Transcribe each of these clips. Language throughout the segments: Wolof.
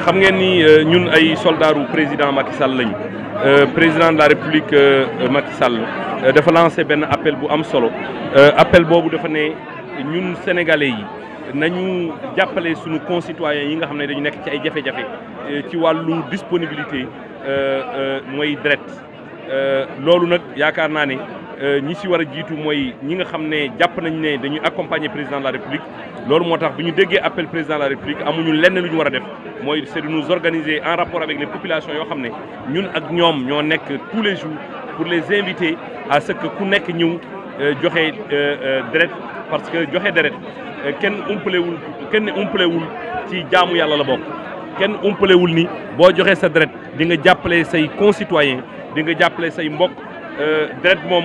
xam ngeen ni euh, ñun ay soldaaru président Macky Sall lañu euh, président de la république euh, Macky Sall dafa lancé benn appel bu am solo appel boobu dafa ne ñun sénégalais yi nañu jàppale suñu concitoyens yi nga xam ne dañu nekk ci ay jafe-jafe ci wàllu disponibilité mooy deret loolu nag yaakaar naa ne. Euh, ñi ci wara jitu moy mooy ñi nga xam ne nañ né dañuy accompagner président de la république lolu motax biñu déggé appel président de la république amuñu lenn luñu wara def moy c'est de nous organiser en rapport avec les populations yo xamné ñun ak ñom ño nek tous les jours pour les inviter à ce que ku nekk ñëw euh, joxe euh, deret parce que joxe deret kenn umpalewul kenn umpalewul ci jaamu yalla la bokk kenn umpalewul ni bo joxé sa deret di nga jàppale say concitoyens di nga jàppale say mbokk deret mom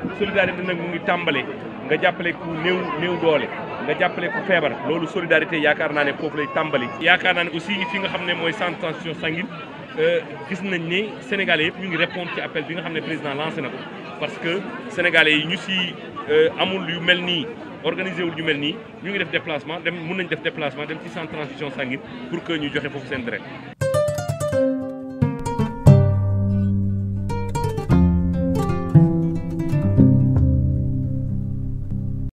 solidarité nag mu ngi tambalé nga jappalé ku new new doole nga jappalé ku feebar loolu solidarité yaakaar naa ne foofu lay tàmbali. yaakaar aussi fi nga xamné moy mooy centre transfusion sanguine euh, gis nañ né sénégalais yépp ñu ngi répondre ci appel bi nga xamné président lancé nako parce que sénégalais yi ñu euh amul yu melni organiser organisé wul ñu melni ñu ngi def déplacement dem mun nañ def déplacement dem ci centre transfusion sanguine pour que ñu joxé fofu sen deret